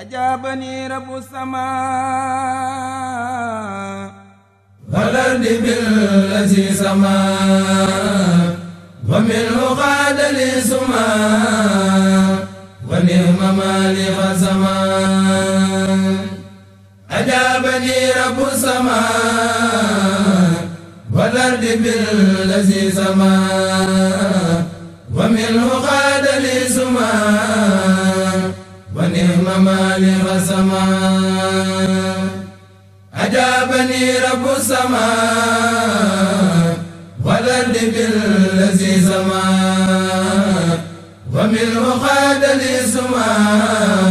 أجابني رب السماء والأرض بالذي سما ومنه قاد لي سما ونعم مالك سما أجابني رب السماء والأرض بالذي سما ومنه قاد لي سما إرممال رسما أجابني رب السماء والأرض بالذي سما ومن خاد لي سما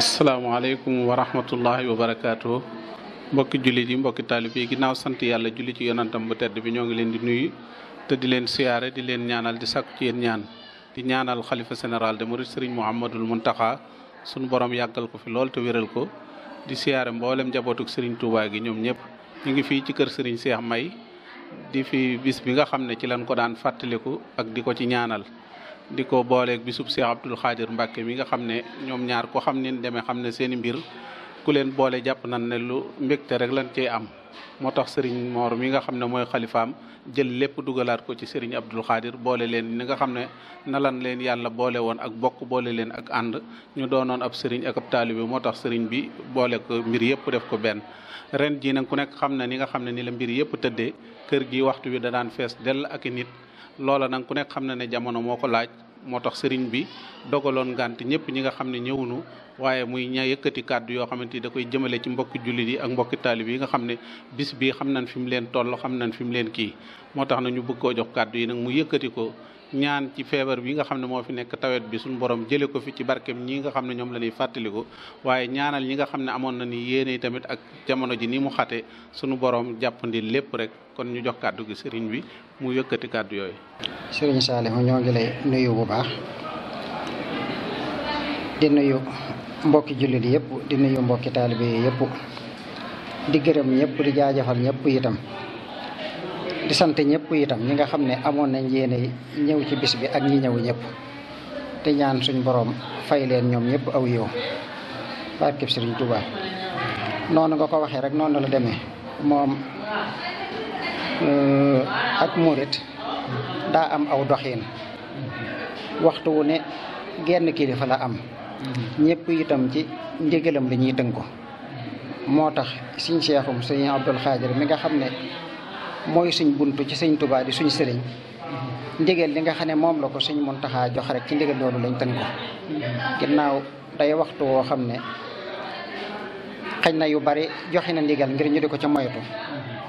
asalaamaaleykum wa rahmatullahi wa barakaatu mbokki jullit yi mbokki taalib ginnaaw sant yàlla julli ci yonantam bu tedd bi ñoo ngi leen di nuyu te di leen siyaare di leen ñaanal di sàkku ci yéen ñaan di ñaanal xalifa général de Mouride Serigne Mouhamadul Muntaxa suñu borom yàggal ko fi lool te wéral ko di siyaare mboolem njabootuk sëriñ Touba gi ñoom ñëpp ñu ngi fii ci kër Serigne Cheikh May di fi bis bi nga xam ne ci lañ ko daan fàttaliku ak di ko ci ñaanal. di ko booleeg bisub Cheikh Abdoul Khadir Mbacke mi nga xam ne ñoom ñaar ko xam ne demee xam ne seen i mbir ku leen boole jàpp nan ne lu mbégte rek lañ cey am moo tax Serigne Mor mi nga xam ne mooy xalifaam jël lépp dugalaat ko ci Serigne Abdul Xaadir boole leen ni nga xam ne nalan leen yàlla boole woon ak bokk boole leen ak ànd ñu doonoon ab sëriñ ak ab taalibe moo tax sëriñ bi boole ko mbir yëpp def ko benn. ren jii nag ku nekk xam na ni nga xam ne ni la mbir yëpp tëddee kër gi waxtu wi da daan fees dell ak i nit loola nag ku nekk xam na ne jamono moo ko laaj. moo tax sëriñ bi dogaloon ngànt ñëpp ñi nga xam ne ñëwunu waaye muy ña yëkkati kàddu yoo xamante ni da koy jëmale ci mbokki jullit yi ak mbokki taalib yi nga xam ne bis bi xam nañ fi mu leen toll xam nañ fi mu leen kii moo tax nañu ñu bëgg koo jox kàddu yi nag mu yëkkati ko ñaan ci feebar bi nga xam ne moo fi nekk tawet bi suñu borom jële ko fi ci barkeem ñi nga xam ne ñoom la ñuy fàttaliku waaye ñaanal ñi nga xam ne amoon na ni yéene tamit ak jamono ji ni mu xate suñu borom jàppandi lépp rek kon ñu jox kàddu gi sëriñ bi mu yëkkati kàddu yooyu. sëriñ Saliou ñoo ngi lay nuyu bu baax di nuyu mbokki jullit yëpp di nuyu mbokki taalibe yëpp di gërëm ñëpp di jaajafal ñëpp itam. di sant ñëpp itam ñi nga xam ne amoon na njéene ñëw ci bis bi ak ñi ñëw ñëpp te ñaan suñ boroom fay leen ñoom ñëpp aw yow barkeb Sëriñ Tuubaa noonu nga ko waxee rek noonu la demee moom Euh, ak murit daa am aw doxiin waxtu wu ne genn kilifa la am ñëpp itam ci ndigalam la ñuy ko moo tax suñ seexum suñ Abdul Xaadir mi nga xam ne mooy suñ bunt ci suñ Tuubaa di suñ sëriñ ndigal li nga xam ne moom la ko suñ Muntaxaa jox rek ci ndigal loolu lañ tënku ginnaaw day waxtu woo xam ne xañ na yu bari joxe na ndigal ngir ñu di ko ca moytu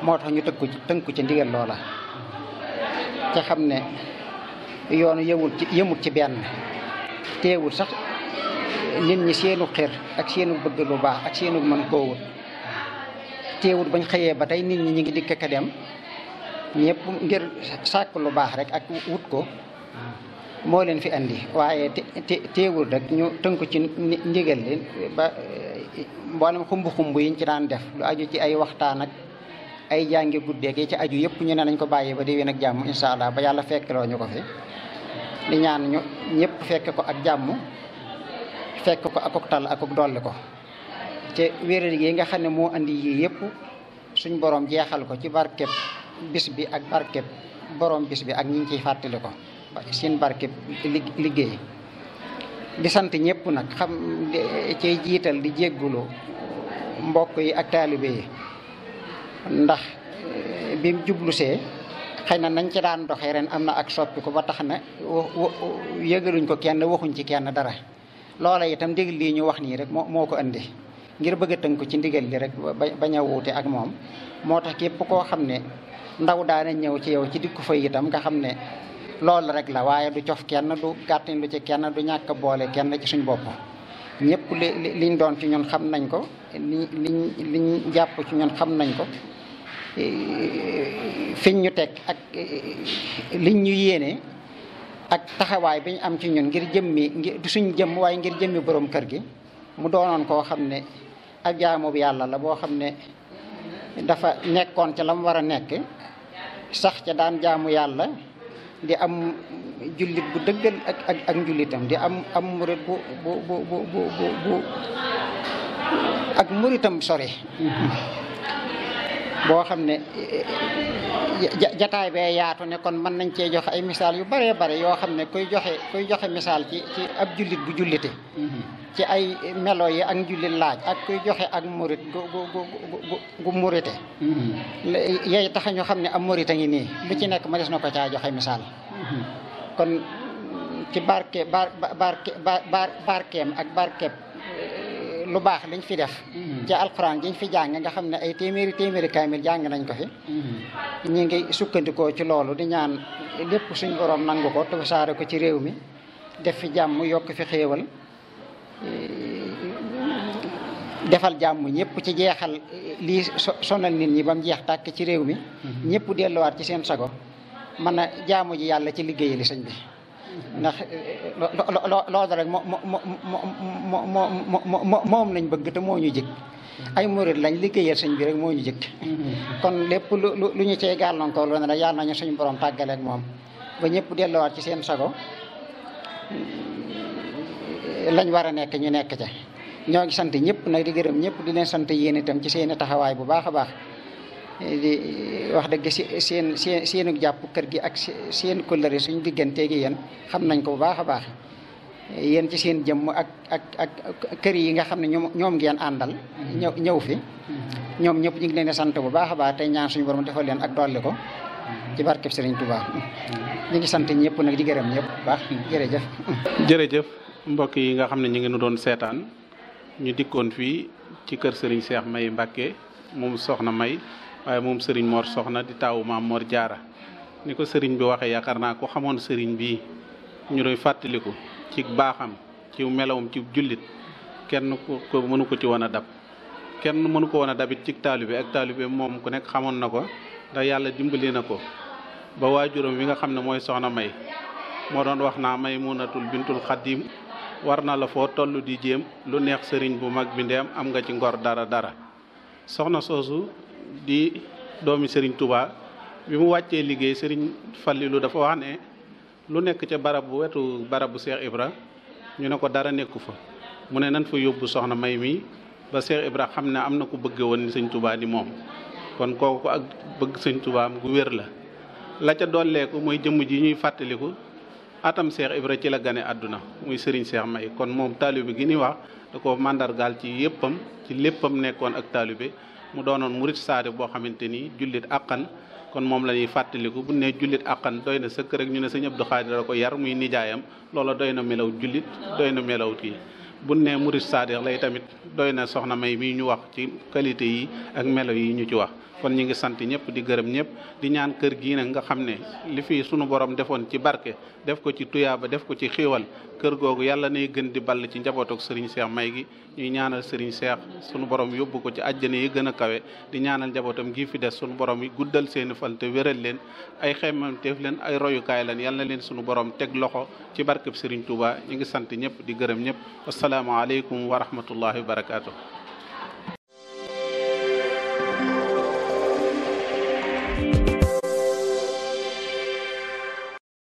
moo tax ñu tënku tënku ci ndigal loola te xam ne yoon yëwul ci yëmut ci benn teewul sax nit ñi seenu xir ak seenu bëgg lu baax ak seenu mën koo wut teewut bañ xëyee ba tey nit ñi ñu ngi dikk ka dem ñëpp ngir sàkk lu baax rek ak wut ko moo leen fi andi waaye teewul rek ñu tënku ci ndigal li ba mboolem xumb xumb yiñ ci daan def lu aju ci ay waxtaan ak ay jàngi guddeeg yi ci aju yëpp ñu ne nañ ko bàyyi ba déwén ak jàmm incha allah ba yàlla fekkloo ñu ko fi di ñaan ñu ñëpp fekk ko ak jàmm fekk ko ak tal ak dolli ko te wéeral yi nga xam ne moo indi yii yëpp suñ boroom jeexal ko ci barkeb bis bi ak barkeb borom bis bi ak ñi ngi ciy fàttali ko seen barkeb liggéey di sant ñëpp nag xam ci jiital di jéggulu mbokk yi ak taalibe yi ndax eh, bi mu jublusee xëy na nañ ci daan doxee ren am na ak soppiku ba tax na yëgaluñ ko kenn waxuñ ci kenn dara loola itam ndigal lii ñu wax nii rek moo moo ko indi ngir bëgg a tënku ci ndigal li rek bañ a wuute ak moom moo tax képp koo xam ne ndaw daana ñëw ci yow ci dikku fay itam nga xam ne loolu rek la waaye du cof kenn du gàttin lu ci kenn du ñàkk boole kenn ci suñ bopp ñëpp li liñ doon ci ñun xam nañ ko liñ liñ liñ jàpp ci ñun xam nañ ko e, fiñ ñu teg ak e, liñ ñu yéene ak taxawaay bi ñu am ci ñun ngir jëmmi ngir suñ jëmm waaye ngir jëmmi borom kër gi mu doonoon koo xam ne ak jaamu yàlla la boo xam ne dafa nekkoon ca la war a nekk sax ca daan jaamu yàlla di am jullit bu dëggal ak ak ak di am am murit bu bu bu bu bu ak muritam sore boo xam ne jataay bee yaatu ne kon mën nañ cee joxe ay misaal yu bare bare yoo xam ne kuy joxe kuy joxe misaal ci ci ab jullit bu jullite ci ay melo yi ak njullit laaj ak kuy joxe ak murit gu gu gu gu murite yooyu tax xam ne am murit a ngi nii lu ci nekk ma des na ko caa joxe misaal kon ci barkeem ak barkeb lu baax liñ fi def mm-hmm. ci alxuraan jiñ fi jàng nga xam ne ay téeméeri téeméeri kaamil jàng nañ ko fi mm-hmm. ñu ngi sukkandikoo ci loolu di ñaan lépp suñ borom nangu ko te saare ko ci réew mi def fi jàmm yokk fi xéewal defal jàmm ñëpp ci jeexal lii sonal nit ñi ba mu jeex tàkk ci réew mi mm-hmm. ñëpp delluwaat ci seen sago mën a jaamu ji yàlla ci liggéeyali sëñ bi ndax eh, eh, loolu rek moo moo moom lañ bëgg te moo ñu jëkk ay murit lañ liggéeyal sëñ bi rek moo ñu jëkk kon lépp lu lu ñu cee gàllankoor lu ne rek yàlla nañu suñu borom tàggale ak moom ba ñëpp delluwaat ci seen sago eh, lañ war a nekk ñu nekk ca ñoo ngi sant ñëpp nag di gërëm ñëpp di leen sant yéen itam ci seen i taxawaay bu baax a baax di wax dëgg seen seen seenu jàpp kër gi ak seen kóllëre suñ diggante gi yéen xam nañ ko bu baax a baax yéen ci seen jëmm ak ak ak kër yi nga xam ne ñoom ñoom ngeen àndal. ñëw ñëw fi. ñoom ñëpp ñu ngi leen di sant bu baax a baax tey ñaan suñu borom defal leen ak dolli ko. ci barkeb Sëriñ Tuubaa ñu ngi sant ñëpp nag di gërëm ñëpp bu baax jërëjëf. jërëjëf mbokk yi nga xam ne ñu ngi nu doon seetaan ñu dikkoon fii ci kër Sëriñ Cheikh May Mbacke moom soxna May. waaye moom sëriñ moor Soxna di taawu maam Mor Jaara ni ko sëriñ bi waxee yaakaar naa ko xamoon sëriñ bii ñu doy fàttaliku ci baaxam ci melawum ci jullit kenn ko mënu ko ci woon a dab kenn mënu ko woon dabit ci taalibe ak taalibe moom ku nekk xamoon na ko ndax yàlla dimbali na ko ba waa waajuram wi nga xam ne mooy soxna may moo doon wax naa may munatul bintul xaddim war na la foo toll di jéem lu neex sëriñ bu mag bi ndeem am nga ci ngor dara dara di doomi sëriñ Touba bi mu wàccee liggéey sëriñ Fallilou dafa wax ne lu nekk ca barab bu wetu barab bu Cheikh Ibra ñu ne ko dara nekku fa mu ne nan fa yóbbu soxna May mi ba Cheikh Ibra xam ne am na ku bëgg woon ni Serigne Touba di moom kon kooku ak bëgg sëñ Touba am gu wér la la ca dolleeku mooy jëmm ji ñuy fàttaliku atam Cheikh Ibra ci la gane àdduna muy Serigne seex May kon moom taalibe gi ni wax da ko màndargaal ci yëppam ci léppam nekkoon ak taalibe mu doonoon murit saade boo xamante ni jullit àkkan kon moom la ñuy fàttaliku bu ne jullit àqan doy na sëkk rek ñu ne sa Abdou Khadir la ko yar muy nijaayam loola doy na melaw jullit doy na melaw kii bu ne murit saade lay tamit doy na soxna May mi ñu wax ci qualité yi ak melow yi ñu ci wax kon ñi ngi sant ñëpp di gërëm ñëpp di ñaan kër gii nag nga xam ne li fi sunu borom defoon ci barke def ko ci tuyaaba def ko ci xiiwal kër googu yàlla nay gën di ball ci njabootuk sëriñ Cheikh may gi ñuy ñaanal sëriñ Cheikh sunu borom yóbbu ko ci àjjana yi gën a kawe di ñaanal njabootam gi fi des sunu borom yi guddal seeni fan te wéral leen ay xemmamteef leen ay royukaay leen yàlla na leen sunu borom teg loxo ci barkeb sëriñ Touba ñu ngi sant ñëpp di gërëm ñëpp asalaamaaleykum wa rahmatullahi wa barakaatu